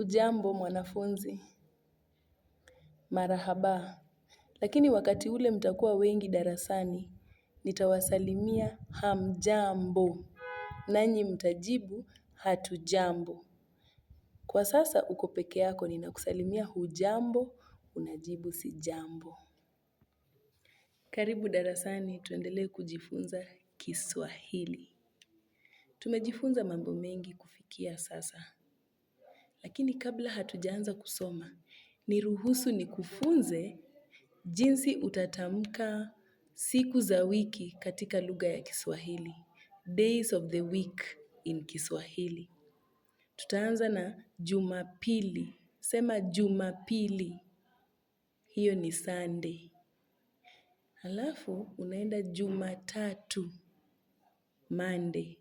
Hujambo mwanafunzi. Marahaba. Lakini wakati ule mtakuwa wengi darasani. Nitawasalimia hamjambo. Nanyi mtajibu hatujambo. Kwa sasa uko peke yako ninakusalimia hujambo unajibu si jambo Karibu darasani tuendelee kujifunza kiswahili. Tumejifunza mambo mengi kufikia sasa. Lakini kabla hatujaanza kusoma, niruhusu nikufunze jinsi utatamka siku za wiki katika lugha ya Kiswahili. Days of the week in Kiswahili. Tutaanza na Jumapili. Sema Jumapili. Hiyo ni Sunday. Halafu unaenda Jumatatu. Monday.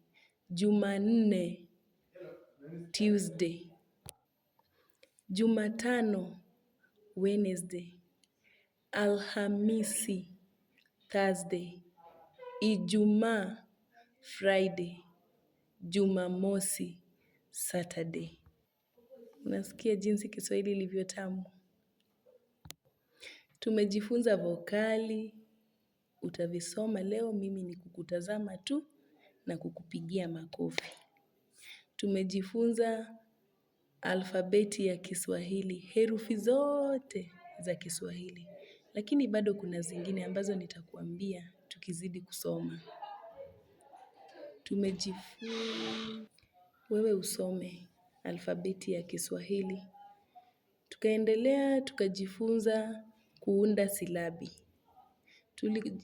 Jumanne. Tuesday. Jumatano, Wednesday, Alhamisi, Thursday, Ijumaa, Friday, Jumamosi, Saturday. Unasikia jinsi Kiswahili ilivyo tamu. Tumejifunza vokali, utavisoma leo, mimi ni kukutazama tu na kukupigia makofi. Tumejifunza alfabeti ya Kiswahili, herufi zote za Kiswahili. Lakini bado kuna zingine ambazo nitakuambia tukizidi kusoma. Tumejifunza wewe usome alfabeti ya Kiswahili. Tukaendelea tukajifunza kuunda silabi.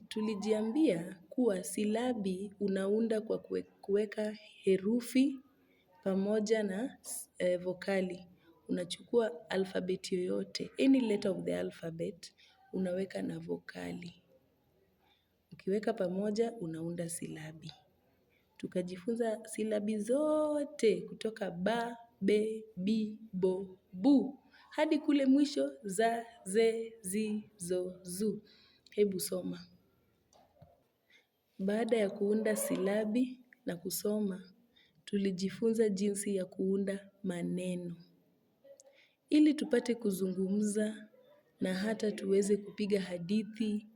Tulijiambia kuwa silabi unaunda kwa kuweka herufi pamoja na eh, vokali. Unachukua alfabeti yoyote, any letter of the alphabet, unaweka na vokali. Ukiweka pamoja, unaunda silabi. Tukajifunza silabi zote kutoka ba, be, bi, bo, bu. Hadi kule mwisho za, ze, zi, zo, zu. Hebu soma. Baada ya kuunda silabi na kusoma, tulijifunza jinsi ya kuunda maneno. Ili tupate kuzungumza na hata tuweze kupiga hadithi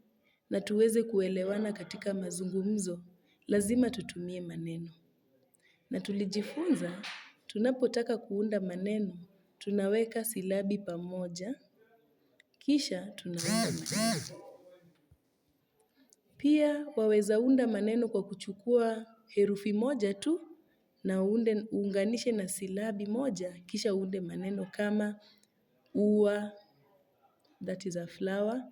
na tuweze kuelewana katika mazungumzo, lazima tutumie maneno. Na tulijifunza, tunapotaka kuunda maneno, tunaweka silabi pamoja, kisha tunaunda maneno. Pia waweza unda maneno kwa kuchukua herufi moja tu na uunganishe na silabi moja kisha uunde maneno kama ua that is a flower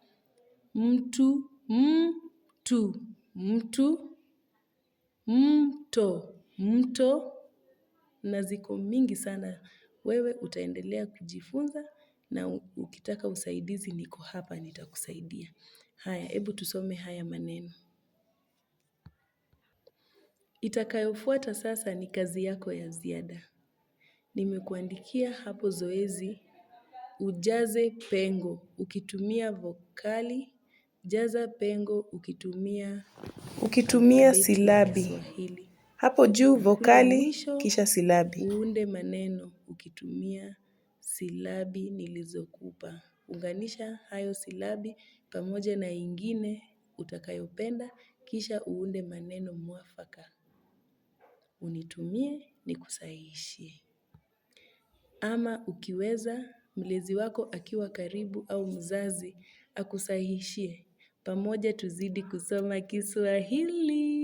mtu mtu mtu mto mto na ziko mingi sana wewe utaendelea kujifunza na ukitaka usaidizi niko hapa nitakusaidia. Haya, hebu tusome haya maneno. Itakayofuata sasa ni kazi yako ya ziada. Nimekuandikia hapo zoezi ujaze pengo ukitumia vokali, jaza pengo ukitumia ukitumia silabi. Hapo juu vokali kisha silabi. Uunde maneno ukitumia silabi nilizokupa. Unganisha hayo silabi pamoja na ingine utakayopenda kisha uunde maneno mwafaka unitumie nikusahihishie. Ama ukiweza mlezi wako akiwa karibu au mzazi akusahihishie. Pamoja tuzidi kusoma kiswahili.